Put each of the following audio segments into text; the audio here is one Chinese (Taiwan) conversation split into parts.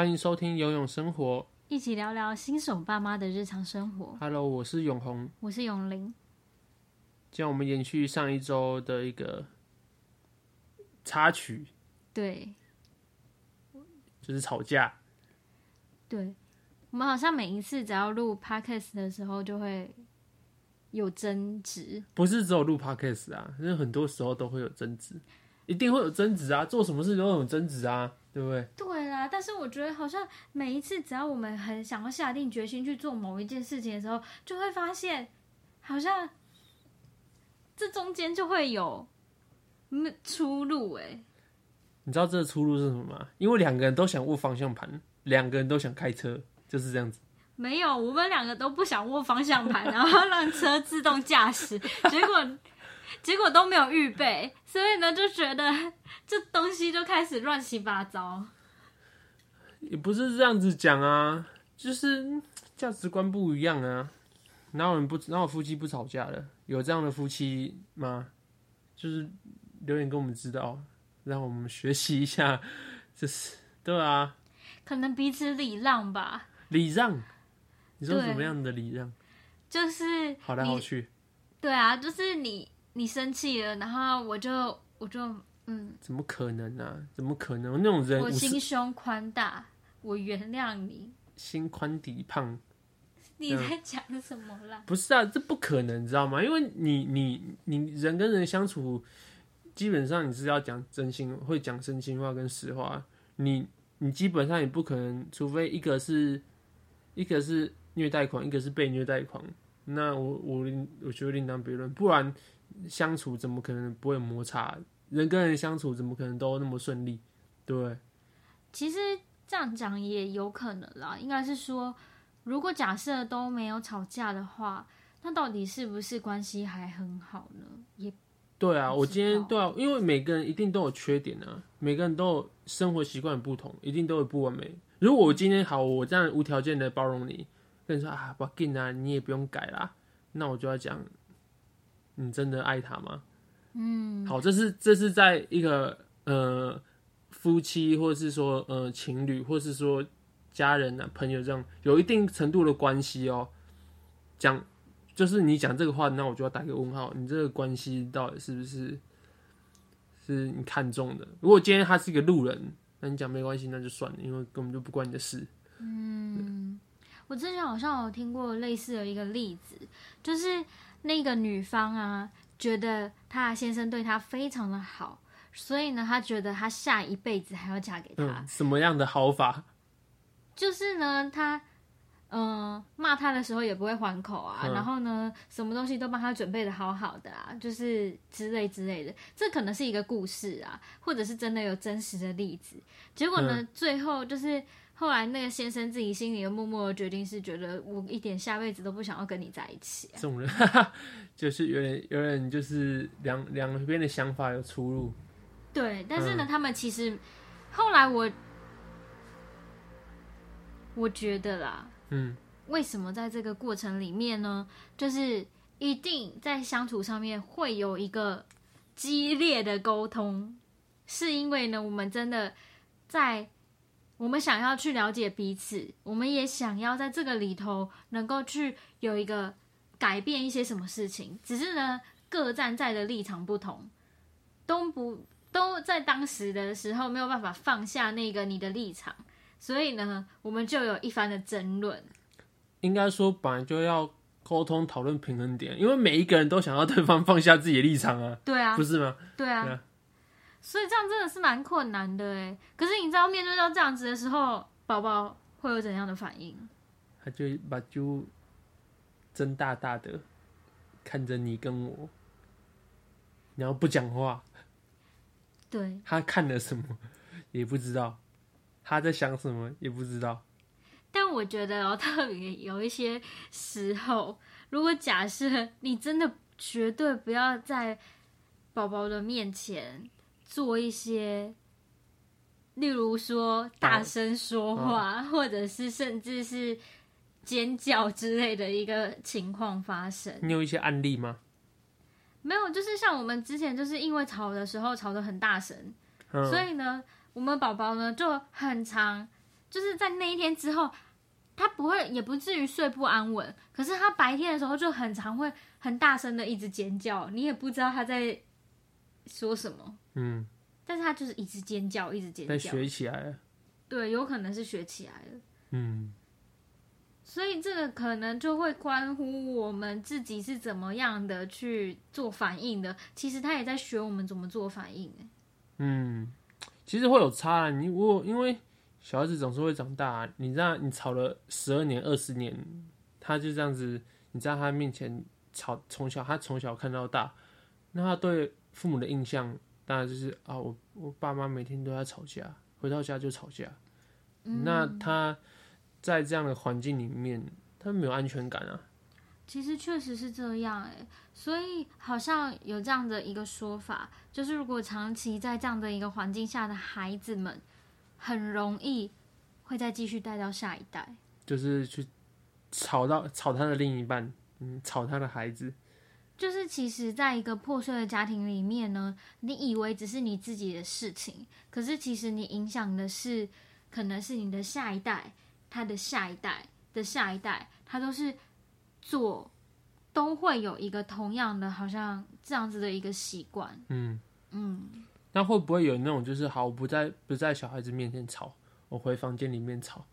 歡迎收聽《永詠生活》，一起聊聊新手爸媽的日常生活。Hello，我是永紅，我是永玲。今天我們延續上一周的一個插曲，對，就是吵架。對，我們好像每一次只要錄 Podcast 的時候，就會有爭執。不是只有錄 Podcast 啊，因為很多時候都會有爭執，一定會有爭執啊，做什麼事都會有爭執啊，對不對？對。但是我覺得，好像每一次只要我們很想要下定決心去做某一件事情的時候，就會發現，好像這中間就會有那出路誒，你知道這個出路是什麼嗎？因為兩個人都想握方向盤，兩個人都想開車，就是這樣子。沒有，我們兩個都不想握方向盤，然後讓車自動駕駛， 結果結果都沒有預備，所以呢，就覺得這東西就開始亂七八糟。也不是這樣子講啊，就是價值觀不一樣啊。哪有人不哪有夫妻不吵架的？有這樣的夫妻嗎？就是留言給我們知道，讓我們學習一下。這、就是對啊，可能彼此禮讓吧。禮讓？你說什麼樣的禮讓？就是好來好去。對啊，就是你你生氣了，然後我就我就。嗯怎、啊，怎麼可能呢？怎麼可能那種人？我心胸寬大，我原諒你。心寬體胖，你在講什麼啦？不是啊，這不可能，你知道嗎？因為你，你，你人跟人相處，基本上你是要講真心，會講真心話跟實話。你，你基本上也不可能，除非一個是一個是虐待狂，一個是被虐待狂。那我，我，我覺得另當別論。不然相處怎麼可能不會摩擦？人跟人相處，怎麼可能都那麼順利？對，對，啊、其實這樣講也有可能啦。應該是說，如果假設都沒有吵架的話，那到底是不是關係還很好呢？也對啊，我今天對、啊，因為每個人一定都有缺點呢、啊，每個人都有生活習慣不同，一定都有不完美。如果我今天好，我這樣無條件的包容你，跟你說啊，把你啊，你也不用改啦，那我就要講，你真的愛他嗎？嗯，好，這是這是在一個呃夫妻或者是說呃情侶或者是說家人啊，朋友這樣有一定程度的關係哦、喔。講，就是你講這個話，那我就要打個問號，你這個關係到底是不是是你看中的？如果今天他是一個路人，那你講沒關係，那就算了，因為根本就不關你的事。嗯，我之前好像有聽過類似的一個例子，就是那個女方啊。覺得她先生對她非常的好，所以呢，她覺得她下一輩子還要嫁給他。嗯。什麼樣的好法？就是呢，他嗯、呃、罵他的時候也不會還口啊，嗯、然後呢，什麼東西都幫他準備得好好的啊，就是之類之類的。這可能是一個故事啊，或者是真的有真實的例子。結果呢，嗯、最後就是。後來那個先生自己心裡又默默的決定是覺得，我一點下輩子都不想要跟你在一起，啊。這種人就是有點有點就是兩兩邊的想法有出入。對，但是呢，嗯，他們其實後來我我覺得啦，嗯，為什麼在這個過程裡面呢？就是一定在相處上面會有一個激烈的溝通，是因為呢，我們真的在。我們想要去了解彼此，我們也想要在這個裡頭能夠去有一個改變一些什麼事情。只是呢，各站在的立場不同，都不都在當時的時候沒有辦法放下那個你的立場，所以呢，我們就有一番的爭論。應該說，本來就要溝通討論平衡點，因為每一個人都想要對方放下自己的立場啊，對啊，不是嗎？對啊。所以這樣真的是蠻困難的哎。可是你知道面對到這樣子的時候，寶寶會有怎樣的反應？他就把就睜大大的看着你跟我，然後不講話。對，他看了什麼也不知道，他在想什麼也不知道。但我覺得喔，特別有一些時候，如果假設你真的絕對不要在寶寶的面前。做一些，例如說大聲說話，啊啊、或者是甚至是尖叫之類的一個情況發生。你有一些案例嗎？沒有，就是像我們之前就是因為吵的時候吵得很大聲，啊、所以呢，我們寶寶呢就很常，就是在那一天之後，他不會也不至於睡不安穩，可是他白天的時候就很常會很大聲的一直尖叫，你也不知道他在。說什麼？嗯，但是他就是一直尖叫，一直尖叫。在學起來了，對，有可能是學起來了。嗯，所以這個可能就會關乎我們自己是怎麼樣的去做反應的。其實他也在學我們怎麼做反應。嗯，其實會有差啊。你如果因為小孩子總是會長大啊，你知道，你吵了十二年、二十年，他就這樣子，你在他面前吵，從小他從小看到大，那他對。父母的印象，當然就是啊，我我爸媽每天都在吵架，回到家就吵架。嗯、那他，在這樣的環境裡面，他沒有安全感啊。其實確實是這樣哎，所以好像有這樣的一個說法，就是如果長期在這樣的一個環境下的孩子們，很容易會再繼續帶到下一代，就是去吵到吵他的另一半，嗯，吵他的孩子。就是其實，在一個破碎的家庭裡面呢，你以為只是你自己的事情，可是其實你影響的是，可能是你的下一代，他的下一代的下一代，他都是做都會有一個同樣的，好像這樣子的一個習慣。嗯嗯，嗯那會不會有那種就是好，我不在不在小孩子面前吵，我回房間裡面吵。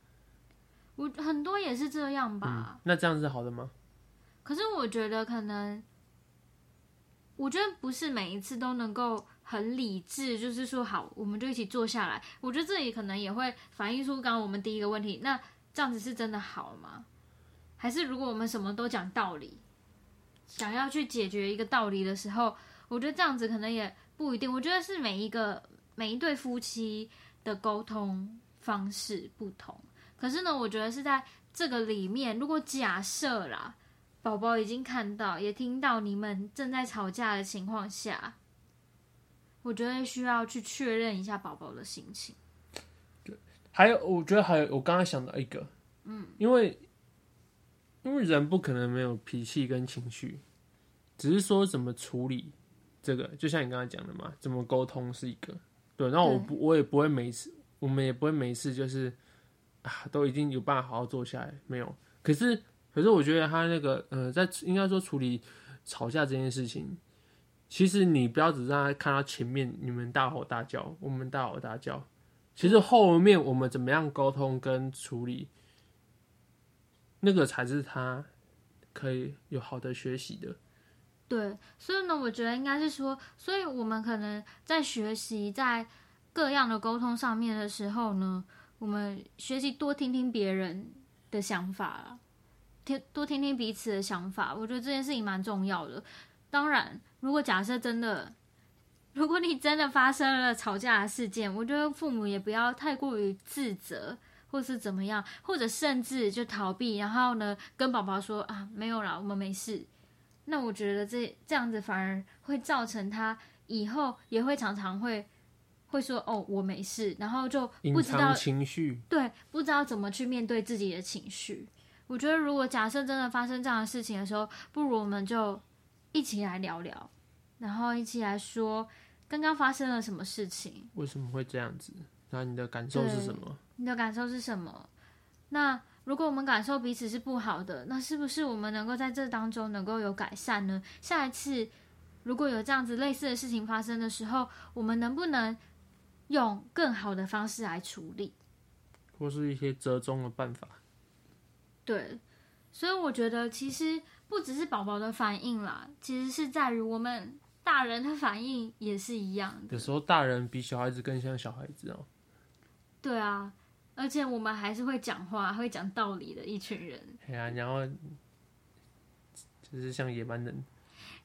我很多也是這樣吧。嗯、那這樣子好的嗎？可是我覺得可能。我覺得不是每一次都能夠很理智，就是說好，我們就一起坐下來。我覺得這裡可能也會反映出剛剛我們第一個問題，那這樣子是真的好嗎？還是如果我們什麼都講道理，想要去解決一個道理的時候，我覺得這樣子可能也不一定。我覺得是每一個每一對夫妻的溝通方式不同，可是呢，我覺得是在這個裡面，如果假設啦。寶寶已經看到，也聽到你們正在吵架的情況下，我覺得需要去確認一下寶寶的心情。對，還有，我覺得還有，我剛剛想到一個，嗯，因為因為人不可能沒有脾氣跟情緒，只是說怎麼處理這個，就像你剛才講的嘛，怎麼溝通是一個。對，然後我不，對我也不會每次，我們也不會每次就是啊，都已經有辦法好好坐下來沒有？可是。可是我覺得他那個，呃，在應該說處理吵架這件事情，其實你不要只讓他看到前面你們大吼大叫，我們大吼大叫，其實後面我們怎麼樣溝通跟處理，那個才是他可以有好的學習的。對，所以呢，我覺得應該是說，所以我們可能在學習在各樣的溝通上面的時候呢，我們學習多聽聽別人的想法了。聽多聽聽彼此的想法，我覺得這件事情蠻重要的。當然，如果假設真的，如果你真的發生了吵架的事件，我覺得父母也不要太過於自責，或是怎麼樣，或者甚至就逃避，然後呢，跟寶寶說啊，沒有啦，我們沒事。那我覺得這這樣子反而會造成他以後也會常常會會說哦，我沒事，然後就不知道情緒，對，不知道怎麼去面對自己的情緒。我覺得，如果假設真的發生這樣的事情的時候，不如我們就一起來聊聊，然後一起來說剛剛發生了什麼事情。為什麼會這樣子？那你的感受是什麼？你的感受是什麼？那如果我們感受彼此是不好的，那是不是我們能夠在這當中能夠有改善呢？下一次如果有這樣子類似的事情發生的時候，我們能不能用更好的方式來處理，或是一些折中的辦法。對，所以我覺得其實不只是寶寶的反應啦，其實是在於我們大人的反應也是一樣的。有時候大人比小孩子更像小孩子哦、喔。對啊，而且我們還是會講話、會講道理的一群人。對啊，然後就是像野蠻人。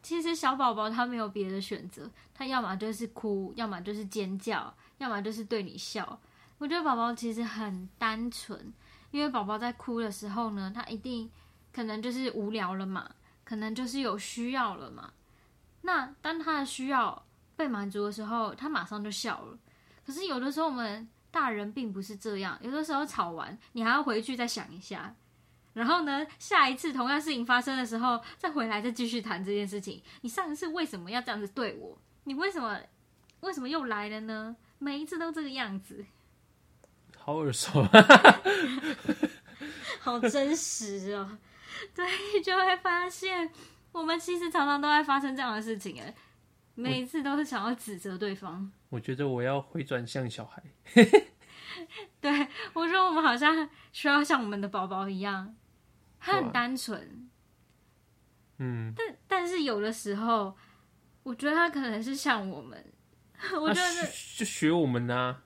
其實小寶寶他沒有別的選擇，他要麼就是哭，要麼就是尖叫，要麼就是對你笑。我覺得寶寶其實很單純。因為寶寶在哭的時候呢，他一定可能就是無聊了嘛，可能就是有需要了嘛。那當他的需要被滿足的時候，他馬上就笑了。可是有的時候我們大人並不是這樣，有的時候吵完你還要回去再想一下，然後呢，下一次同樣事情發生的時候再回來再繼續談這件事情。你上一次為什麼要這樣子對我？你為什麼為什麼又來了呢？每一次都這個樣子。好耳熟 ， 好真實哦、喔！對，就會發現我們其實常常都在發生這樣的事情哎，每次都是想要指責對方。我,我覺得我要回轉向小孩 對，我說我們好像需要像我們的寶寶一樣，他很單純，哇嗯，但但是有的時候，我覺得他可能是像我們，我覺得學就學我們呢、啊。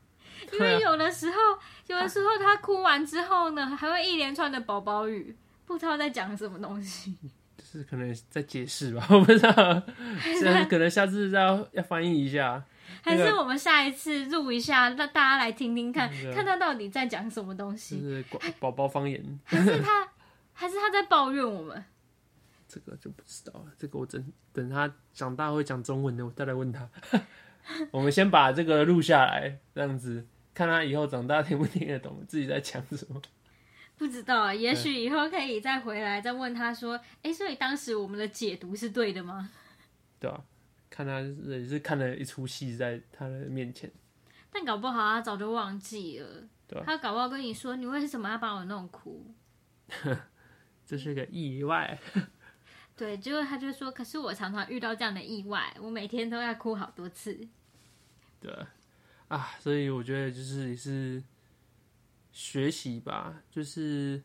因為有的時候，啊、有的時候他哭完之後呢，啊、還會一連串的寶寶語，不知道在講什麼東西。就是可能在解釋吧，我不知道。那可能下次再要要翻譯一下，還是我們下一次錄一下，讓、那個、大家來聽聽看，那個、看他到底在講什麼東西。是寶寶方言。還是他， 還是他在抱怨我們？這個就不知道了。這個我真等他長大會講中文的，我再來問他。 我們先把這個錄下來，這樣子。看他以後長大聽不聽得懂自己在講什麼？不知道，也許以後可以再回來再問他說：“哎對、欸，所以當時我們的解讀是對的嗎？”對啊，看他也是看了一出戲在他的面前，但搞不好他早就忘記了。對、啊，他搞不好跟你說：“你為什麼要把我弄哭？”這是個意外。 對，結果他就說：“可是我常常遇到這樣的意外，我每天都要哭好多次。”對。啊，所以我覺得就是也是學習吧，就是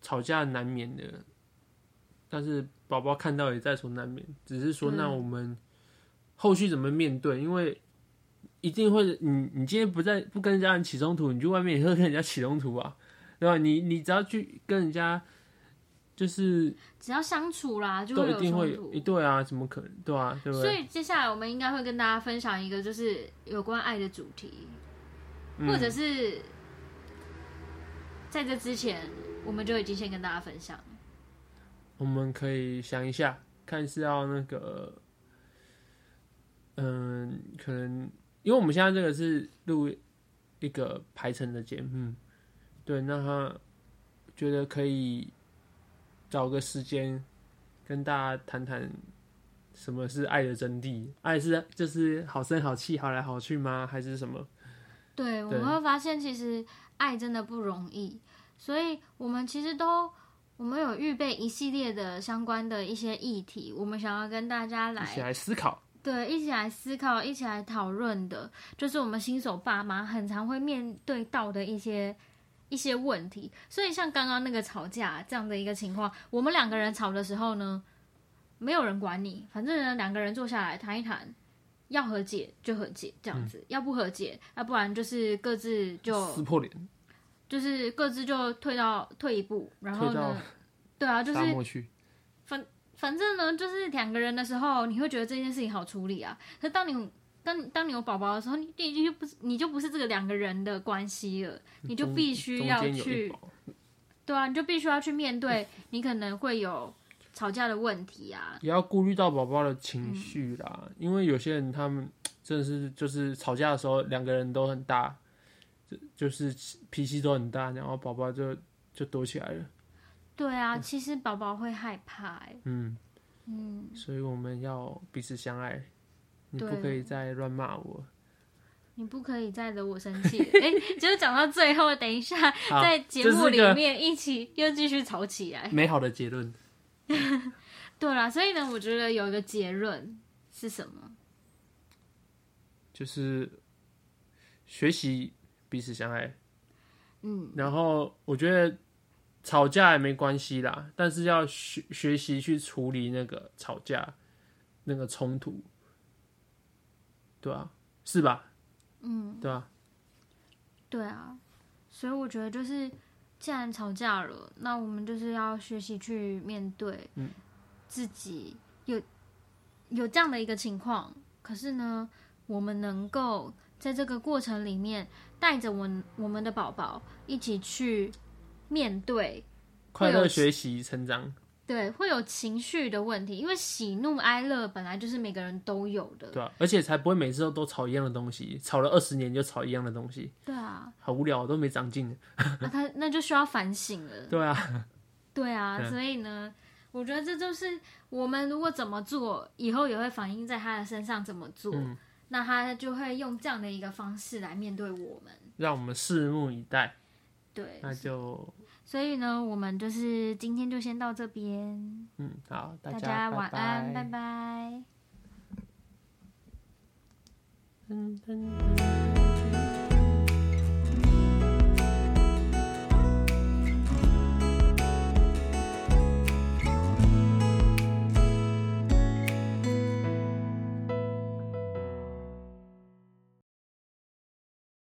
吵架難免的，但是寶寶看到也在所難免，只是說那我們後續怎麼面對？因為一定會，你你今天不在不跟家人起衝突，你去外面也會跟人家起衝突啊，對吧？你你只要去跟人家。就是、啊對啊對對，嗯、只要相處啦，就一定會有一對啊，怎麼可能？對啊，對不對？所以接下來我們應該會跟大家分享一個就是有關愛的主題，或者是在這之前我們就已經先跟大家分享。我們可以想一下，看是要那個，嗯，可能因為我們現在這個是錄一個排程的節目，對，那他覺得可以。找個時間跟大家談談什麼是愛的真諦？愛是就是好聲好氣、好來好去嗎？還是什麼？對，對我們會發現其實愛真的不容易，所以我們其實都我們有預備一系列的相關的一些議題，我們想要跟大家來一起來思考，對，一起來思考，一起來討論的，就是我們新手爸媽很常會面對到的一些。一些問題，所以像剛剛那個吵架這樣的一個情況，我們兩個人吵的時候呢，沒有人管你，反正兩個人坐下來談一談，要和解就和解，這樣子，嗯、要不和解，要不然就是各自就撕破臉，就是各自就退到退一步，然後呢，對啊，就是大漠去，反反正呢，就是兩個人的時候，你會覺得這件事情好處理啊，可當你。當當你有寶寶的時候，你已經就不是，你就不是這個兩個人的關係了，你就必須要去，對啊，你就必須要去面對，你可能會有吵架的問題啊，也要顧慮到寶寶的情緒啦，嗯、因為有些人他們真的是就是吵架的時候兩個人都很大，就是脾氣都很大，然後寶寶就就躲起來了，對啊，嗯、其實寶寶會害怕。嗯、欸、嗯，所以我們要彼此相愛。你不可以再亂罵我，你不可以再惹我生氣。哎、 欸，就是講到最後，等一下在節目裡面一起又繼續吵起來。好，美好的結論。 對啦，所以呢，我覺得有一個結論是什麼？就是學習彼此相愛。嗯，然後我覺得吵架也沒關係啦，但是要學學習去處理那個吵架那個衝突。對啊，是吧？嗯，對啊，對啊，所以我覺得就是，既然吵架了，那我們就是要學習去面對，嗯，自己有、嗯、有這樣的一個情況，可是呢，我們能夠在這個過程裡面帶着我們我們的寶寶一起去面對，快樂學習成長。對，會有情緒的問題，因為喜怒哀樂本來就是每個人都有的。對、啊、而且才不會每次都都吵一樣的東西，吵了二十年就吵一樣的東西。對啊，好無聊、哦，都沒長進。那 、啊、他那就需要反省了。對啊，對啊，嗯、所以呢，我覺得這就是我們如果怎麼做，以後也會反映在他的身上，怎麼做，嗯、那他就會用這樣的一個方式來面對我們。讓我們拭目以待。對，那就，所以呢，我們就是今天就先到這邊。嗯，好，大家，拜拜，大家晚安，拜拜。嗯，嗯，嗯。